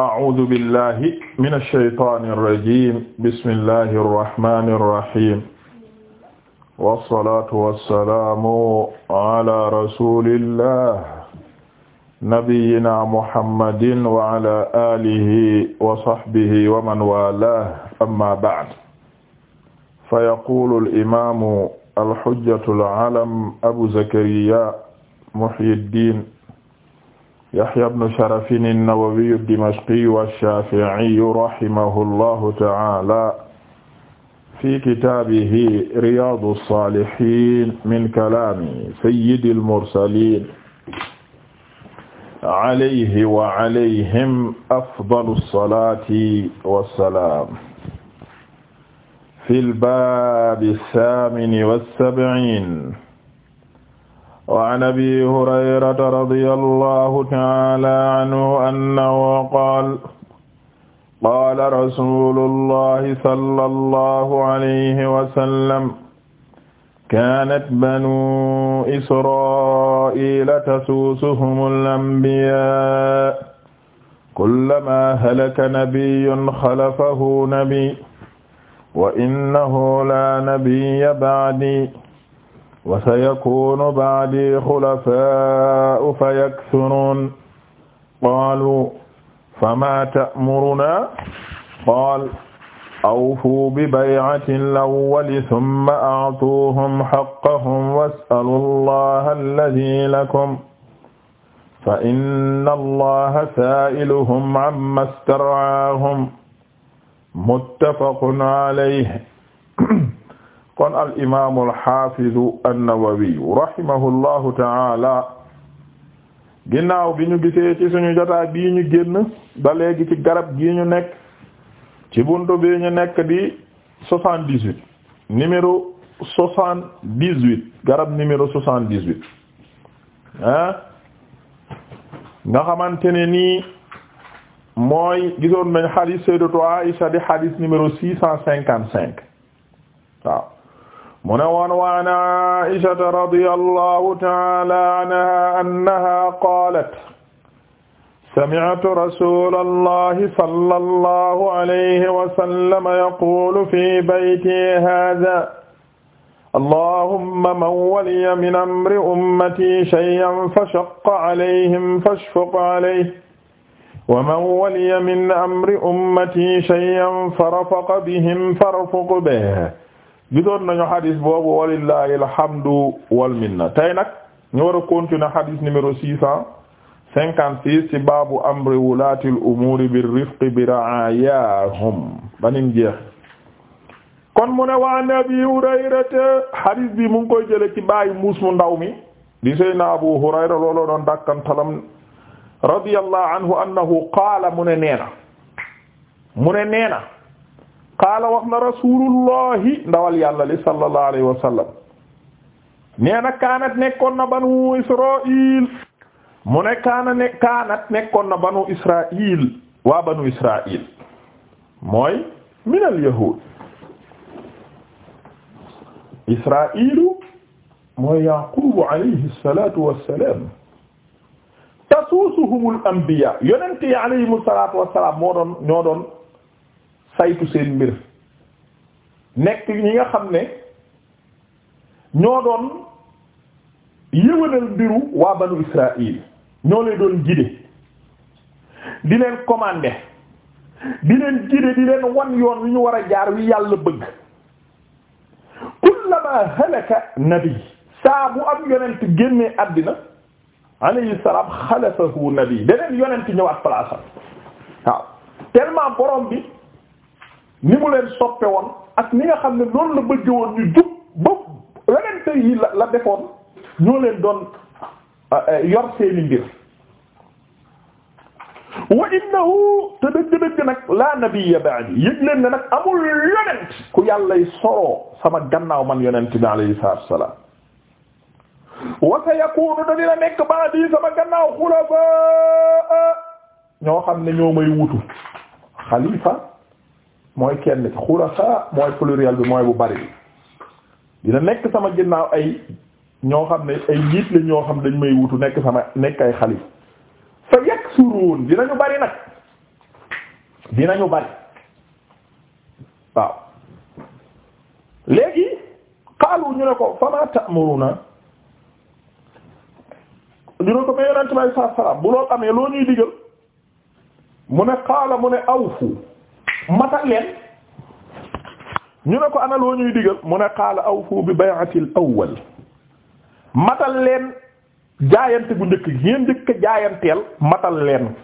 أعوذ بالله من الشيطان الرجيم بسم الله الرحمن الرحيم والصلاة والسلام على رسول الله نبينا محمد وعلى آله وصحبه ومن والاه أما بعد فيقول الإمام الحجة العلم أبو زكريا محي الدين Yahya ibn Sharaf an-Nawawi ad-Dimashqi ash-Shafi'i rahimahullahu ta'ala fi kitaabihi Riyaadu s-Saalihiin min kalaami sayyidil mursaliin alayhi wa alayhim afdalu s-salaati wa s-salaam fil baabi s-saamini wa s-sab'iin waan abi hurayrata radiyallahu ta'ala anhu annahu qaala qaala rasuulullahi sallallahu alayhi wa sallam kaanat banuu israa'iila tasuusuhumul anbiyaa kullamaa halaka nabiyyun xalafahu nabiy wa innahu laa nabiyya ba'dii wa sayakunu ba'di xulafa'u fayakthurun qaalu fama ta'muruna qaal awfu bi bay'ati al-awwali thumma a'tuuhum haqqahum was'alu allaha alladhi lakum fa inna allaha saa'iluhum amma star'aahum muttafaqun alayhi kon al imaamu al xaafidu an-Nawawi rahimahullahu taala ginnaaw bi ñu gisee ci suñu jotaay bii ñu génn ba léegi ci garab gi ñu nekk ci buntu bi ñu nekk di soixante-dix-huit numéro soixante-dix-huit garab numéro soixante-dix-huit ah nga xamante ni nii mooy gisoon nañ xadiis sayyidatu Aisha di xadiis numéro six cent cinquante-cinq waaw mu ne woon wa an aishata radiyallahu ta'ala anha annaha qalat sami'tu rasulallahi sallallahu alayhi wa sallam yaqulu fi bayti hadha allahumma man waliya min amri ummati shay'an fashaqqa alayhim fashfuq alayhi wa man waliya min amri ummati shay'an farafaqa bihim farfuq bihi gisoon nañu xadis boobu walillahi alhamdu wal minna tey nag ñu war a continuer xadis baabu amri wulaati al umuuri rifqi bi ra'ayaahum banim jeex kon mu ne waa Abi Hurayrata xadis bi mu koy jële ci baayu muus mu ndaw mi di Seydina Abu Hurayra looloo doon dàkkantalam radiyallahu anhu annahu mu ne neena mu ne neena qaala wax na rasulullahi ndawal yàlla li sallallahu alayhi wa kaanat nekkoon na banu israil mu ne kaana ne kaanat nekkoon na banu israil waa banu israil mooy min al yahud israilu mooy yaqubu alayhi salatu wassalam tasuusuhum al anbiya yonente yi alayhim salatu wassalam moo saytu seen mbir nekk ñi nga xam ne ñoo doon yëwanal mbiru waa banu Israël ñoo leen doon gide di leen commander di leen gide di leen wan yoon wi ñu war a jaar wi yàlla bëgg kullama halaka nabi saa bu am yonent génnee àddina alayhi salaam xalafahu nabi beneen yonent ñëwaat place waaw tellement borom bi ni mu leen soppe woon ak ni nga xam ne noonu la bëgg woon ñu jub ba werante yi la la defoon ñoo leen doon yor seeni mbir wa innahu te dëgg-dëgg nag la nabiyya ba'di yëg leen ne nag amul yonent ku yàllay soroo sama gannaaw man yonent bi alayhi salaatu wassalaam wa sayakunu te dina nekk ba'di sama gannaaw xulafaa ñoo xam ne ñoo may wutu xalifa mooy kenn ci xulafa mooy pluriel bi mooy bu bari bi dina nekk sama ginnaaw ay ñoo xam ne ay njiit la ñoo xam dañ may wutu nekk sama nekk ay xalif fa yaksuruun dinañu bari nag dinañu bari waaw léegi xaalu ñu ne ko fama ta'muruna ñu ne ko mais yonente bi sallallahu alayhi wasallam bu loolu amee loo ñuy digal mu ne xaala mu ne awfu matal leen ñu ne ko ana loo ñuy digal mu ne aw awfu bi bay'ati al-awwal matal leen jaayante gu njëkk gi ngeen njëkk jaayanteel matal leen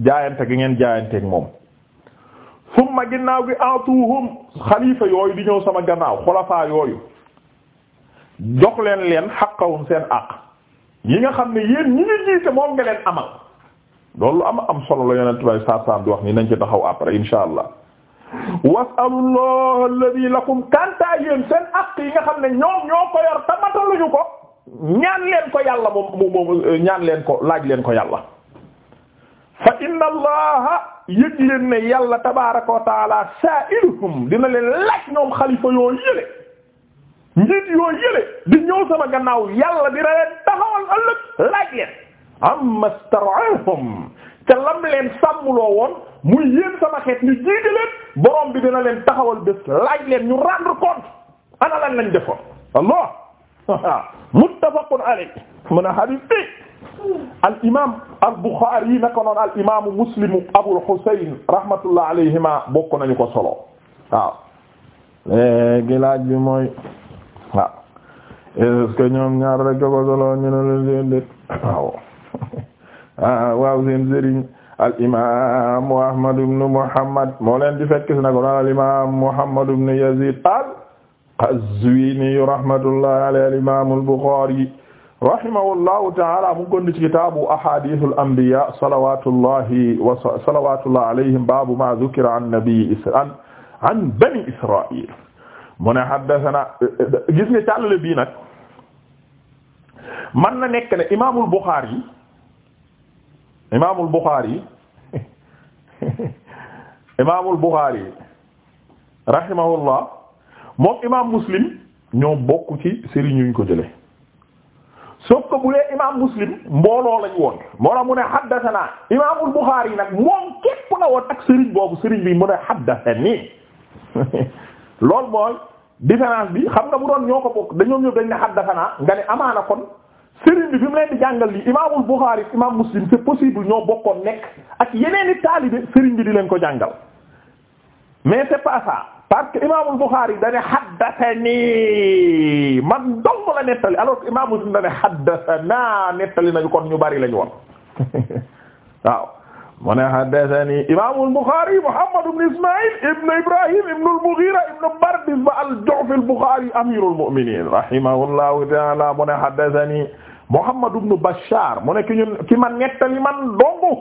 jaayante gi ngeen jaayanteeg moom summa ginnaaw gi atuhum xalifa yooyu di ñëw sama gannaaw xulafaa yooyu jox leen leen xaqawum seen àq yi nga xam ne yéen ñi ngi jiite moom nga leen amal loolu am am solo la yonent bay saab saab di wax ni nañ ci taxaw après insha allah wasalullah alladhi lakum kantaa yéen seen ak yi nga xam ne ñoom ñoo ko yor tamataluñu ko ñaan leen ko yàlla moom moom ñaan leen ko laaj leen ko yàlla fa inna allaha yëg leen ne yàlla tabaaraka wa taala sa'iluhum dina leen laaj ñoom xalifa yoo yële njiit yoo yële di ñëw sama gannaaw yàlla dina leen taxawal ëllëg laaj leen amma star'ahum te lam leen sàmmuloo woon muy yéen sama xeet ñu jiite leen borom bi dina leen taxawal bés laaj leen ñu rendre compte ana lan lañ defoon allah muttafaqun alayhi mun a al imam al bukhari naka noon al imaamu muslimu abul husayn rahmatullah alayhima bokk nañu ko solo waaw. léegi laaj bi mooy waaw est-ce ñoom ñaar rek ko solo ñu ne leen déet waaw. Ah, waaw seen sëriñ al imaamu Ahmad ibn Muhammad moo leen di fekk si nag wala al imaamu Muhammad ibn Yazid al-Qazwini rahmatullahi alayhi al imaamu al-Bukhari rahimahullahu ta'ala mu ngi ci kitaabu ahadithul anbiya salawatullahi wa salawatullahi alayhim baabu ma dhukira an nabi an an bani israil mu ne haddathana gis nga càllale bii nag man na nekk ne imaamul Bukhari imaamul Buxaari imaamul Buxaari rahimahullah moom imaam Muslim ñoo bokk ci sëriñ ñu ko jële sauf que bu dee imaam Muslim mbooloo lañ woon moo la mu ne haddathana imaamul Buxaari nag moom képp la woon ak sëriñ boobu sëriñ bi mu ne haddathani loolu mooy différence bi xam nga bu doon ñoo ko bokk dañoo ñëw dañ ne haddathana nga ne amaana kon sëriñ bi fi leen di jàngal lii imaamul Bukhari imaam Muslim c'est possible ñoo bokkoon nekk ak yeneen i taalibe sëriñ bi di leen ko jàngal mais c'est pas ça parce que imaamul Bukhari da ne man dong la nettali alors imaam Muslim da ne nettali nañu kon ñu bari lañu woon waaw. mu ne haddathani imaamul Bukhari Muhammad ibn Isma'il ibn Ibrahim ibn al-Mughira ibn Bardizbah al-Ju'fi al-Bukhari amirul mu'minin rahimahullahu ta'ala mu ne haddathani Muhammad ibn Bashar mu ne ki ñun ki man nettali man dongu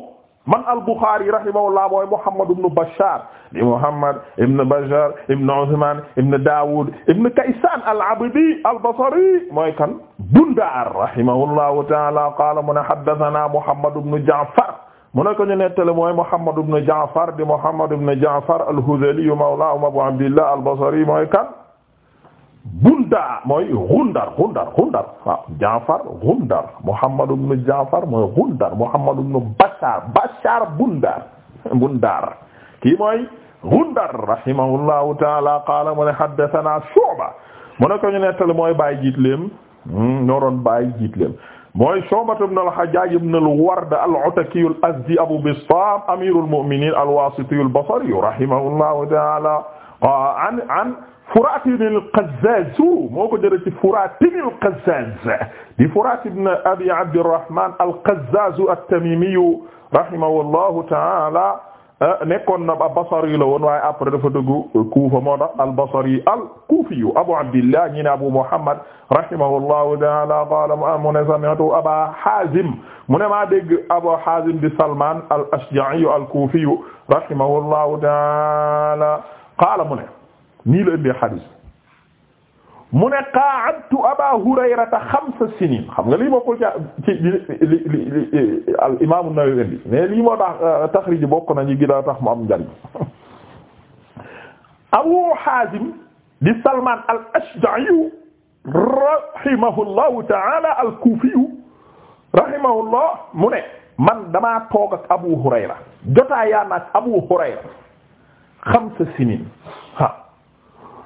man al-Bukhari rahimahullah mooy Muhammad ibn Bashar di Muhammad ibn Bashar ibn Uthman ibn Dawud ibn Kaysan al-Abdi al-Basri mooy kan Bundar rahimahullahu ta'ala qala mu ne haddathana Muhammad ibn Ja'far mu ne ko ñu nettale mooy Muhammad ibn Ja'far di Muhammad ibn Ja'far al-Hudhali mawlaahum Abu Abdillah al-Basri mooy kan Bunda mooy Gundar Gundar Gundar waaw Ja'far Gundar Muhammad ibn Ja'far mooy Gundar Muhammad ibn Bashar Bashar Bundar Bundar kii mooy Gundar rahimahullahu ta'ala qaala mu ne haddathana Shu'ba mu ne ko ñu nettale mooy baay jiitleem hmm, ñoo doon baay jiitleem mooy Shu'batu ibn al-Hajjaj ibn al-Ward al-Ataki al-Azdi Abu Bistam amiru al-mu'minin al-Wasiti al-Basri rahimahullahu ta'ala an an Furatin al-Qazzaz moo ko jëlee ci Furatin al-Qazzaz di Furat ibn Abi Abdirrahman al-Qazzaz at-Tamimi rahimahullahu ta'ala Euh, nekkoon na Basri la woon waaye après dafa dëggu Kufa al-Basri al-Kufi Abu Abdillah ñi Abu Muhammad rahimahullahu ta'ala qala mu ne sami'tu Aba Hazim mu ne Abu Hazim di Salman al-Ashja'i al-Kufi rahimahullahu ta'ala qaala mu ne nii la indi mu ne qa'adtu aba hurayrata xamsa sinin xam nga lii bokkul ca ci li li al imam an-Nawawi indi mais lii moo tax euh, taxriji bokk nañu gida tax mu am njariñ Abu Hazim di Salman al-Ashja'i rahimahullahu ta'ala al-Kufi rahimahullah mu ne man damaa toog ak Abu Hurayra jotaa yaa naag Abu Hurayra xamsa sinin ha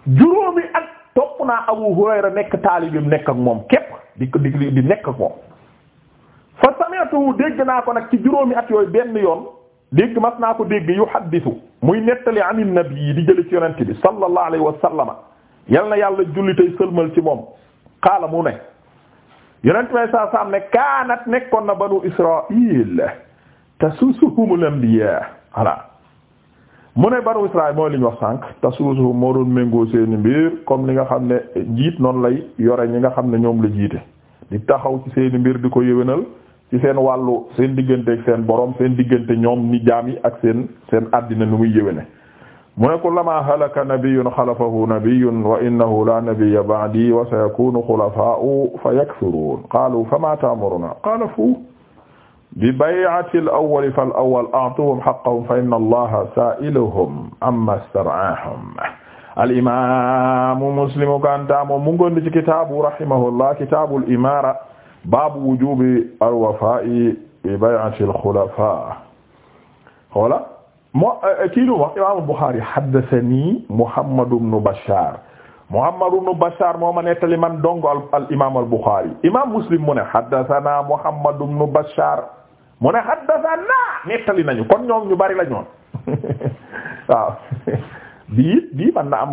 juróomi at topp naa Abu Hurayra nekk taalibim nekk ak moom kepp di ko di nekk ak moom fa sami'tu dégg naa ko nag ci juróomi at yooyu benn yoon dégg mas naa ko dégg yu haddisu muy nettali anin nabi di jële ci yonent bi sallallahu alayhi wa sallama yal na yàlla julli tey sëlmal ci moom qaala mu ne yonent may saa saam ne kaanat nekkoon na banu Israa'il tasusuhumul anbiyaa voilà mu ne banu Israël mooy li ñu wax sànq tasuusu moo doon méngoo seeni mbir comme li nga xam ne jiit noonu lay yore ñi nga xam ne ñoom la jiite di taxaw ci seeni mbir di ko yéwénal ci seen wàllu seen diggante ak seen borom seen diggante ñoom ni jaam yi ak seen seen àddina nu muy yéwéne mu ne kullamaa halaka nabiyyun xalafahu nabiyyun wa innahu la nabiyya ba'di wa sayakunu xulafaa'u fa yakthurun qaalu famaa ta'muruna qaala fu bi bay'ati al-awwal fal-awwal a'tuhum haqqahum fa inna allaha sa'iluhum amma istar'ahum al-imaamu Muslim kanta moom mu ngi woon ci kitaabu rahimahullah kitaabul imaara baabu wujuubi al-wafaa'i bi bay'ati al-khulafaa' xoola moo eh, kii lu wax imaamu Buxaari haddasanii Muhammadu bnu Bashaar Muhammadu bnu Bashaar moo ma nettali man dong al imaam al Buxaari imaam Muslim mu ne haddasanaa Muhammadu bnu Bashaar mu ne haddathana nettali nañu kon ñoom ñu bari la ñoon waaw bii bii man na am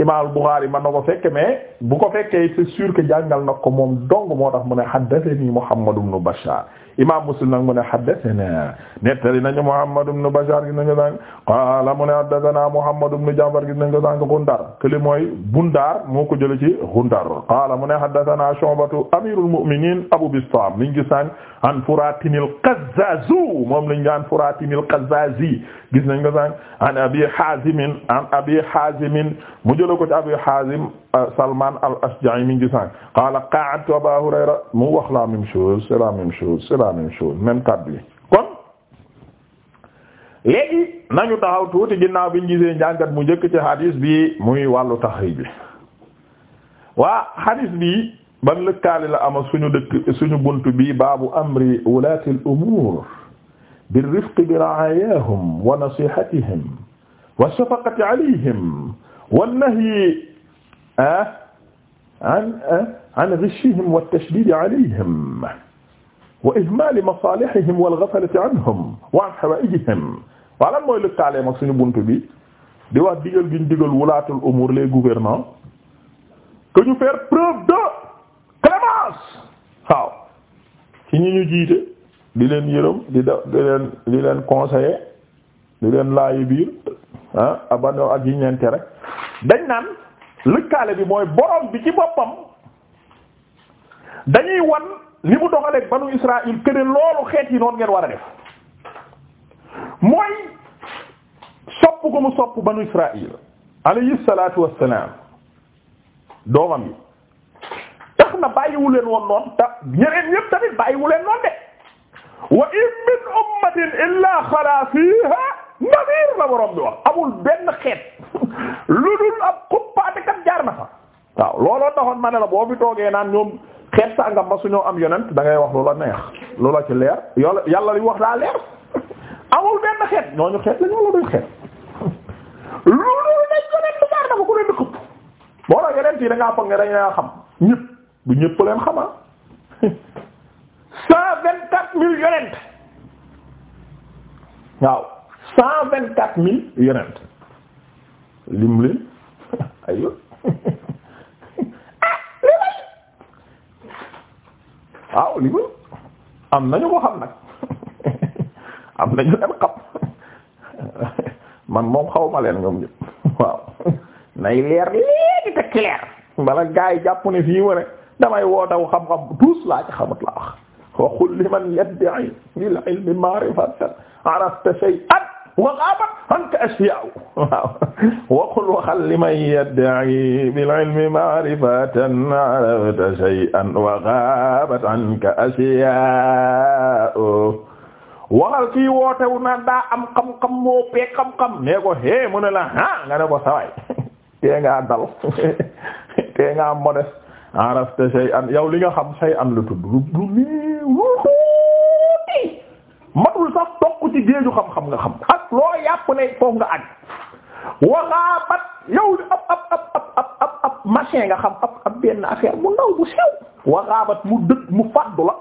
Imaam Buxaari man na ko fekke mais bu ko fekkee c'est sûr que jàngal na ko moom dong moo tax mu ne haddathani Muhammad ibn Bashar Imaam Muslim nag mu ne haddathana nettali nañu Muhammad ibn Bashar gis nañu sànq qaala mu ne haddathana Muhammad ibn Ja'far gis nañu ko sànq Gundar kële mooy Bundar moo ko jëlee ci Gundar qaala mu ne haddathana Shu'batu amirul mu'minin Abu Bistam liñ gis sànq an Furatin al-Qazzazu moom lañ daan Furatin al-Qazzazi gis nañ ko sànq an Abi Hazim an Abi Hazim jëla ko ci Abi Hazim mi ngi sànq qaala qa'adtu mu wax la même chose c'est la même chose c'est la même chose même kàddu yi kon léegi nañu taxaw tuuti ginnaaw biñ gisee njàngat mu njëkk ci hadis bi muy wàllu taxriij bi waa hadis bi ban lëkkaali la ama suñu dëkk suñu bunt bi baabu amri wulaati al-umuur bir bi ra'aayaahum wa nasiihatihim wa shafaqati alayhim wan nahyi ah, an ah, an ghishihim wa tashdid alayhim wa ihmal masalihihim wal ghaflati anhum wa an hawaijihim wala mooy lëkkaaleem ak suñu bunt bi di wax digal gi ñu digal wulaatul umur les gouvernants que ñu faire preuve de clémence waaw ci ñi jiite di leen yërëm di da di leen conseiller di leen laayi biir ah abano ak yi ñeente rek dañ naan lëkkaale bi mooy borom bi ci boppam dañuy wan li mu doxaleeg banu Israël que loolu xeet yi noonu ngeen war a def mooy sopp ko mu sopp banu Israël alayhi salaatu wassalaam doomam yi tax na bàyyiwu leen woon noonu ta ñeneen ñépp tamit bàyyiwu leen noonu de wa in min ummatin illa xalaa fiiha nafiir la borom bi wax amul benn xeet lu dul ab xuppaatekat jaar na fa waaw looloo taxoon ma ne la boo fi toogee naan ñoom xeet sa ngam ma su ñoo am yonent da ngay wax lu la neex lu la ci leer yàlla yàlla wax daa leer amul benn xeet ñooñu xeet la ñoo la dul xeet lu dul nañ yonent jaar na fa ku leen di xupp boo la yonent yi da ngaa foog ne dañ xam ñëpp du ñëpp leen xama ah. cent vingt-quatre mille yonent waaw cent vingt quatre mille yonent lim leen aywa ah, waaw li am nañu ko xam nag am nañu leen xam man moom xawma leen ñoom ñëpp waaw nay leer léegi te clair bala gaa yi jàpp ne fii ma ne damay wootaw xam-xam tous laa ci xamut laa wax waxul liman yadda'i bil ilmi ma'rifatan arafta shay'an wa gaabat anka asyaa'u waaw waqul waxal liman yadda'i bil ilmi ma'rifatan arafta shay'an wa gaabat anka asyaa'u waxal kii wootewu na daa am xam-xam moo pee xam-xam nee ko hee mu ne la ha nga ne ko saway tee ngaa dal tee ngaa modeste arafta shay'an yow li nga xam shay'an lu tudd lu lu matul sax tokk ci géeju xam-xam nga xam loo yàpp ne foofu nga àgg waxaabat yow li ab ab ab ab ab ab machin nga xam ab ab benn affaire bu ndaw bu sew waxaabat mu dëkk mu fàddu la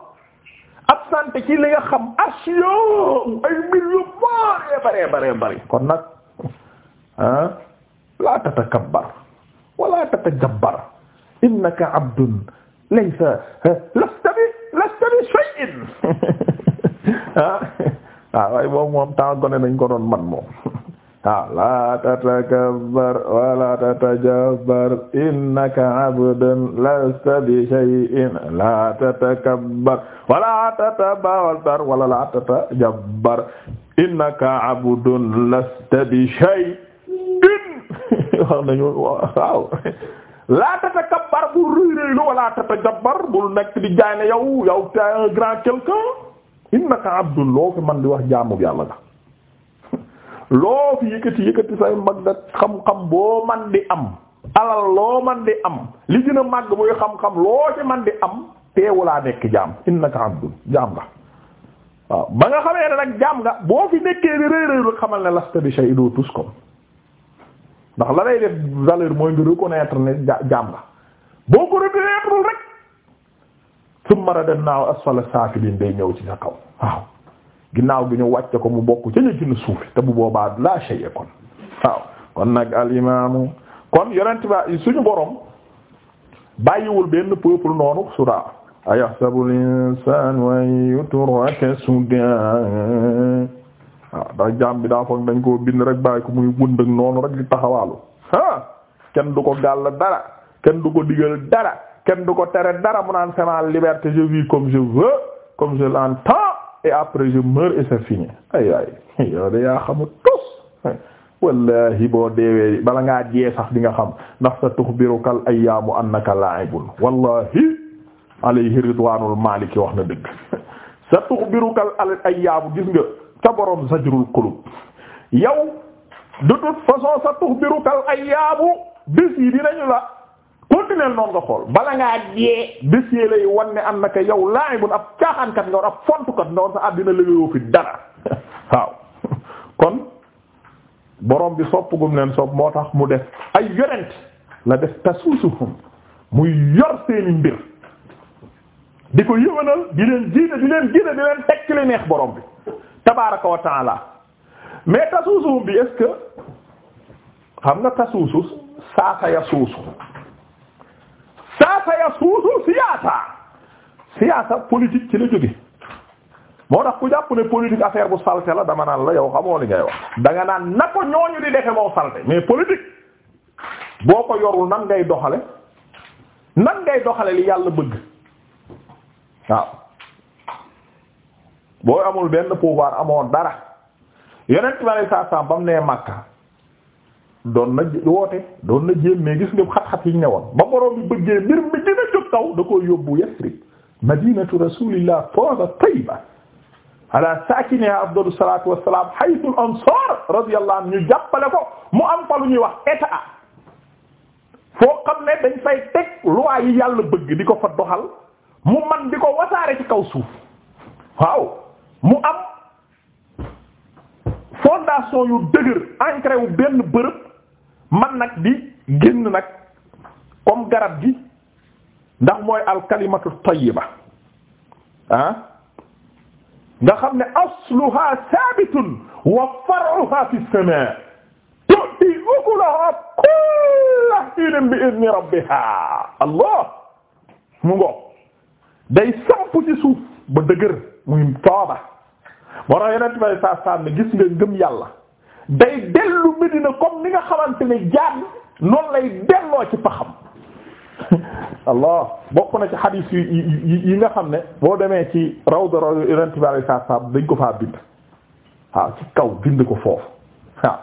absente ci li nga xam action ay million bare bare bare bare kon nag ah la tatakabbar wala tatajabbar innaka abdun laysa lasta bi lasta bi shay'in ah waaw ah, waaye boobu moom temps gone dañ ko doon man moom waaw ah, la tatakabbar wala tatajabbar innaka abdun lasta bi shay'in la tatakabbar wala tatabawaltar wala la tatajabbar innaka abdun lasta bi shay'in wax nañu waaw la tatakabbar bu rëy rëy lu wala tatajabbar bul nekk di jaay ne yow yow t'es un grand quelqu'un innaka abdul loo fi man di wax jaamu yàlla nga loo fi yëkkati yëkkati say mag da xam-xam boo man di am alal loo man di am li gën a màgg muy xam-xam loo ci man di am laa nekk jaam innaka abdul jaam nga waaw ba nga xamee nag jaam nga boo fi nekkee di rëy rëy lu xamal ne lasta bi shay doo comme ndax la lay def valeur mooy nga reconnaître ne jaam nga boo ko reconnaître rek summa radadnaahu asfala saafiliin day ñëw ci sa kaw waaw ginnaaw bi ñu wàcce ko mu bokk ca ñu gën a suuf te bu boobaa la shay'a kon waaw kon nag al imaamu kon yonent ba suñu borom bàyyiwul benn peuple noonu suda ayahsabu al insaanu an yutraka suda waaw ndax jaam bi daa foog dañ koo bind rek bàyyi ko muy wëndëg noonu rek di taxawaalu ah kenn du ko gàll dara kenn du ko digal dara kenn du ko tere dara mu naan c'est ma liberté je vis comme je veux comme je l'entends et après je meurs et fini ay waay de yaa xamul tos wallahi boo deewee bala ngaa jee sax di nga xam ndax sa tuxbirukal ayaamu annaka la'ibun wallahi alayhi ridwanul maliki wax na dëgg sa tuxbirukal al ayaamu gis nga ca borom zajrul qulub yow de toute façon sa tuxbirukal ayaamu bés yi dinañu la continuer noonu nga xool bala ngaa jee bés yee lay wan ne am naka yow laayibun ab caaxaankat nga war ab fontukat nga war sa àddina léegoo fi dara waaw kon borom bi sopp gum leen sopp moo tax mu def ay yonent la def tasuusuhum muy yor seeni mbir di ko yëwanal di leen jiite di leen jiite di leen teg ci li neex borom bi tabaaraka wa taala mais tasuusuhum bi est xam nga tasuusu saasa ya suusu saasa ya suusu siyaasa siyaasa politique ci la jóge moo tax ku jàpp ne politique affaire bu salte la dama naan la yow xamoo li ngay wax danga naan na ko ñooñu di defe moo salte mais politique boo ko yorul nan ngay doxale nan ngay doxale li yàlla bëgg waaw boo amul benn pouvoir amoo dara yonent bi sallallahu alayhi wasallam ba mu Makka doon na woote doon na jéem mais gis nga xat-xat yi ñu ne ba borom bëggee mbir mi dina jóg taw da ko yóbbu Yasrib madinatu rasulillah fawza tayba ala saakiniha afdalu salatu wassalam haythu al ansar radiyallahu anhu ñu jàppale ko mu am fa lu ñuy wax état foo xam ne dañ fay teg loi yi yàlla bëgg di ko fa doxal mu man di ko wasaare ci kaw suuf waaw mu am fondation yu dëgër ancré wu benn bërëb man nag bi génn nag comme garab gi ndax mooy alkalimatu tayyiba ah nga xam ne asluha sabitun wa far'uha fi as-samaa tu'ti ukulaha kulla hiin bi idni rabbiha allah mu ngo day samp ci suuf ba dëgër muy tooba moo tax yeneen tubaab yi saa saa gis nga ngëm yàlla day dellu Medina comme ni nga xamante ne jaan noonu lay delloo ci paxam allah bokk na ci xadiis yi yi nga xam ne boo demee ci rawda rawda yonent bi alayhi salaam dañ ko faa bind waaw ci kaw bind ko foofu waaw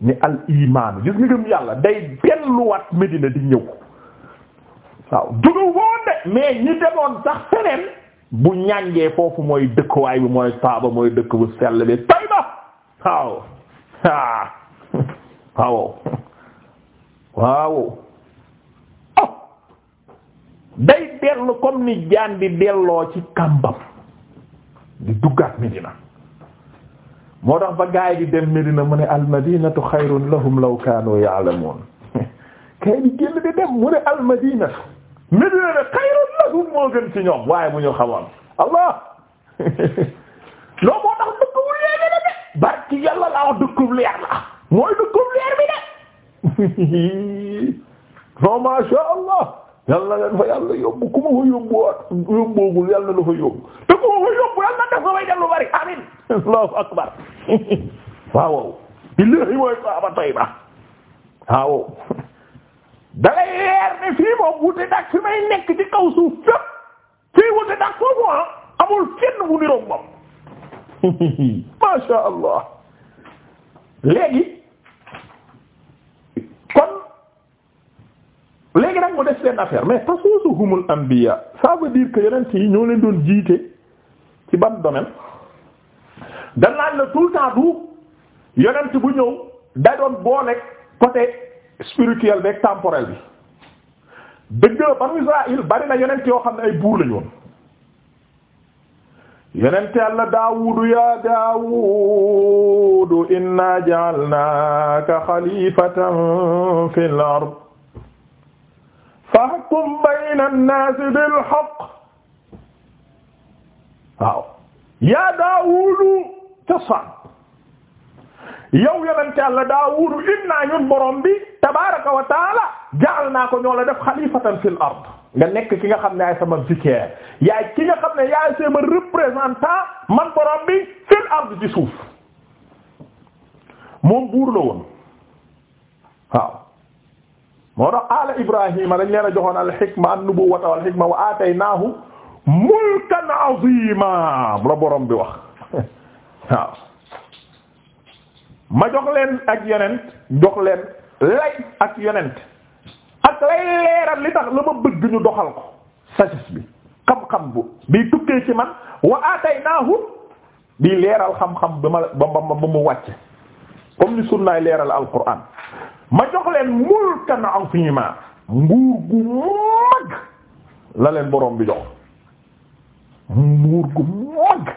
ni al imaan gis nga gëm yàlla day delluwaat Medina di ñëw waaw duga woon de mais ñi demoon sax feneen bu ñàngee foofu mooy dëkkuwaay bi mooy taaba mooy dëkk bu sell bi Tayba waaw waaw waaw day dellu comme ni jaan di delloo ci kàmbam di duggaat Medina moo tax ba gaay di dem Medina mu ne al madinatu xayrun lahum law kaanu ya'lamuun kay di génn di dem mu ne al madinatu Medina de xayrun lahum moo gën ci ñoom waaye mu ñu xamoon Allah loo moo tax barki yàlla laa wax dëkkub leer la mooy dëkkub leer bi de non masha allah yàlla leen fa yàlla yóbbu ku ma fa yóbbuwaat yóbboogul yàlla dafa yóbbu te ku ma fa yóbbu yàlla def ko may dellu bari amin allahu akbar waaw billahi mooy saaba tay ba waaw da ngay leer ne fii moom wute dak may nekk ci kaw suuf fépp fii wute dak foofu ah amul fenn bu niroog moom masha allah léegi kon léegi nag mu def seen affaire mais tasuusuhumul anbiya ça veut dire que yonent yi ñoo leen doon jiite ci ban domaine dañ naan la tout le temps du yonent bu ñëw day doon boole côté spirituel beeg temporel bi dëgg banu Israël bari na yonent yoo xam ne ay buur lañu yonent Yàlla Daawudu yaa Daawudu inna ja'alnaaka xalifatan fil ard fahkum bayna an-naasi bil haqq waaw yaa Daawudu tasaan yow yonent Yàlla Daawudu inna ñun borom bi tabaaraka wa taala ja'alnaaka ñoo la def xalifatan fil ard nga nekk ki nga xam ne yaay sama vicaire yaay ki nga xam ne yaay sama représentant man borom bi fil ard ci suuf moom buur la woon waaw moo tax ala ibrahima dañ leen a joxoon al hikma an nubuwwata wal hikma wa ataynaahu mulkan azima la borom bi wax waaw ma jox leen ak yonent jox leen lay ak yonent ak lay leeral li tax la ma bëgg ñu doxal ko sagesse bi xam-xam bu bi tukkee ci man wa ataynahu bi leeral xam-xam ba ma ba ba ba mu wàcce comme ni sunnaay leeral alquran ma jox leen mulkan azima nguur gu mag la leen boroom bi jox nguur gu mag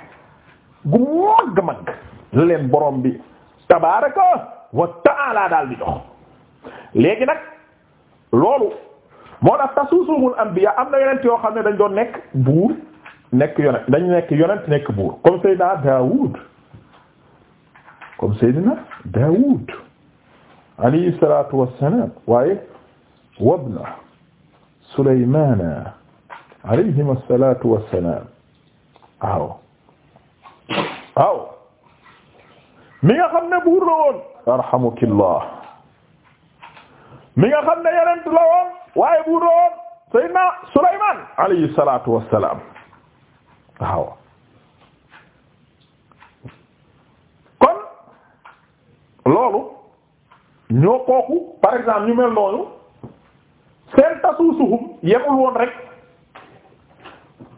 gu mag mag la leen boroom bi tabaraka wa taala daal bi jox léegi nag loolu moo tax tasuusuhumul anbiya am na yonent yoo xam ne dañ doon nekk buur nekk yonent dañ nekk yonent nekk buur comme Seydina Daoud comme Seydina Daoud alayhi salaatu waaye wabna Sulaymana alayhim assalaatu wassalaam mi nga xam ne yonent la woon waaye buur la woon Seydina Sulaymaan alayhi salaatu wassalaam waaw kon loolu ñoo kooku par exemple ñu mel noonu seen tasuusuhum yemul woon rek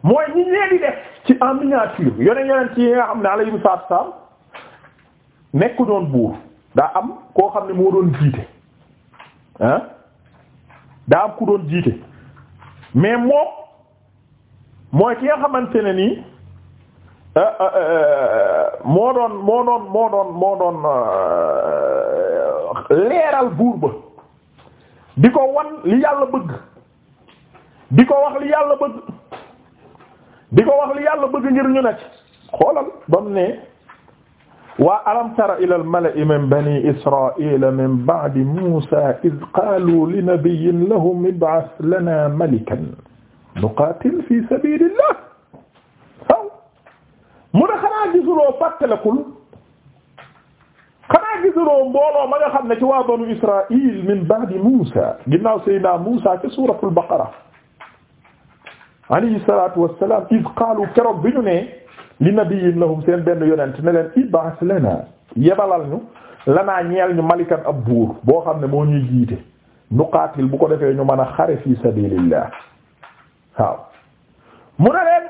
mooy ñi ñee di def ci en miniature yoneen yonent yi nga xam ne alayhi salaatu wassalaam nekku buur daa am koo xam ne moo doon jiite ah daa ku doon jiite mais moom mooy ki nga xamante ne nii euh, euh, euh, moo doon moo doon moo doon leeral buur ba di ko wan li yàlla bëgg di ko wax li yàlla bëgg di ko wax li yàlla bëgg ngir ñu nekk xoolal ba mu ne. waa alam tara ila al-mala'i min bani israila min ba'di musa id qaalu li nabiyyin lahum ib'ath lana malikan nuqaatil fi sabilillah waaw mu ne xanaa gisuloo fàttalekul xanaa gisuloo mbooloo ma nga xam ne ci waa banu israil min ba'di musa ginnaaw sayyidina musa ci suuratul baqara alayhi salaatu wassalaam id qaalu keroog bi ñu ne li nabiyyin lahum seen benn yonent ne leen ib'as lana yebalal ñu lanaa ñeel ñu malikan ab buur boo xam ne moo ñuy jiite nuqaatil bu ko defee ñu mën a xare fi sabilillah waaw mu ne leen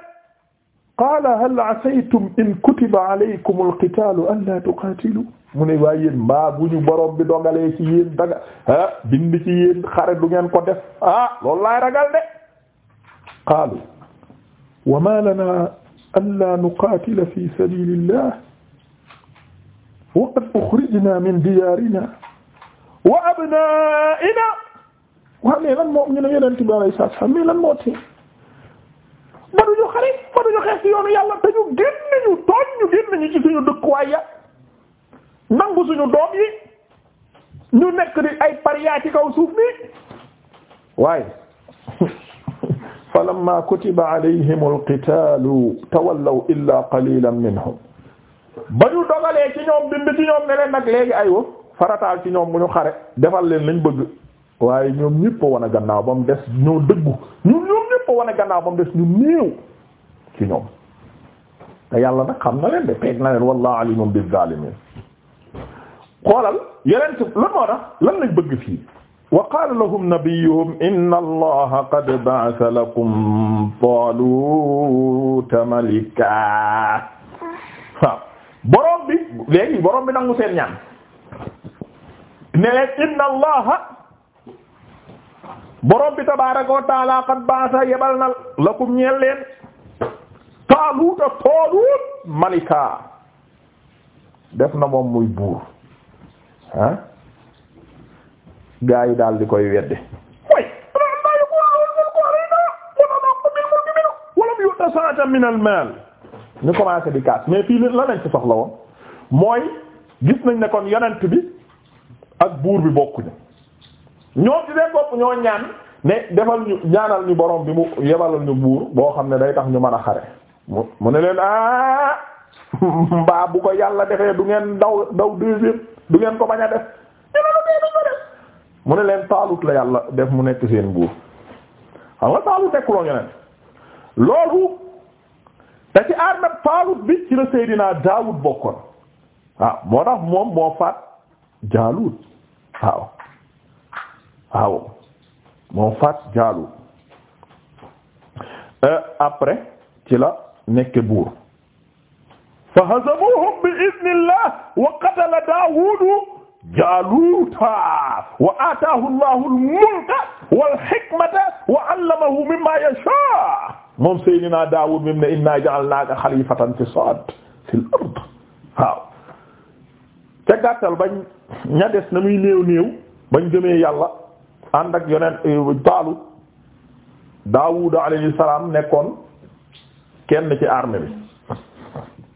qaala hal asaytum in kutiba alaykum alqitaalu an la tuqaatilu mu ne waaye yéen bu ñu borom bi dogalee ci yéen daga ah bind ci yéen xare du ngeen ko def ah loolu laay ragal de qaalu wa ma lana an laa nuqaatila fi sabiilillah wa qad uxrijnaa min diyaarinaa wa abnaa'inaa waaw mais lan moo ñu ne yonent bi alayhi salaatu salaam mais lan moo tee ba duñu xare ba duñu xeex ci yoonu yàlla te ñu génn ñu tooñ ñu génn ñu ci suñu dëkkuwaay ya nangu yi ñu nekk di ay pariyaa ci kaw suuf falamma kutiba alayhimul qitaalu tawallaw illaa qaliilan minhum ba ñu dogalee ci ñoom bind ci ñoom ne leen nag léegi aywa farataal ci ñoom bu ñu xare defal leen lañ bëgg waaye ñoom ñëpp a wan a gannaaw ba mu des ñoo dëggu ñoom ñoom ñëpp a wan a ñu néew ci ñoom te yàlla nag xam na leen de peeg na leen wallahu alimun bizzalimin xoolal yeneen lan moo tax lan lañ bëgg fii wa qaala lahum nabiyuhum inna allaha qad lakum taaluuta malika waaw borom bi léegi borom nangu seen ñaan ne leen inna allaha borom bi tabaaraka wa taala qad na lakum ñeel leen taaluuta malika def na moom muy buur ah? gaa yi daal di koy wedde way alaa maa yakunu lahul mulku alayna wa nahnu ahaqqu bil mulki ñu commencé di kaas mais fii la lañ ci soxla woon mooy gis nañ ne kon yonent bi ak buur bi bokkuñu ñoo ci seen bopp ñoo ñaan ne defal ñu ñaanal ñu borom bi mu yebalal ñu buur boo xam ne day tax ñu man a xare mu ne leen ah mbaa bu ko yàlla defee du ngeen daw daw deuxième du ngeen ko bañ a def mu ne leen taalut la yàlla def mu nekk seen buur xam nga taalut nekkuloo yonent loolu te ci armée taalut bi ci la Seydina Daawud bokkoon waaw moo tax moom moo faat Jaalut waaw waaw moo faat Jaalut euh, après ci la nekk buur fa hazamuhum bi idnillah wa qatala Daawudu jaaluuta wa ataahu llahu almulka wal hikmata wa allamahu mimma yashaa moom Seydina Daawud mim ne inna ja'alnaaka xalifatan fi saad fil ard waaw ca gàttal bañ ña na muy néew néew bañ gëmee yàlla ànd ak yoneen eh, Taalut Daawud alayhi salaam nekkoon kenn ci armée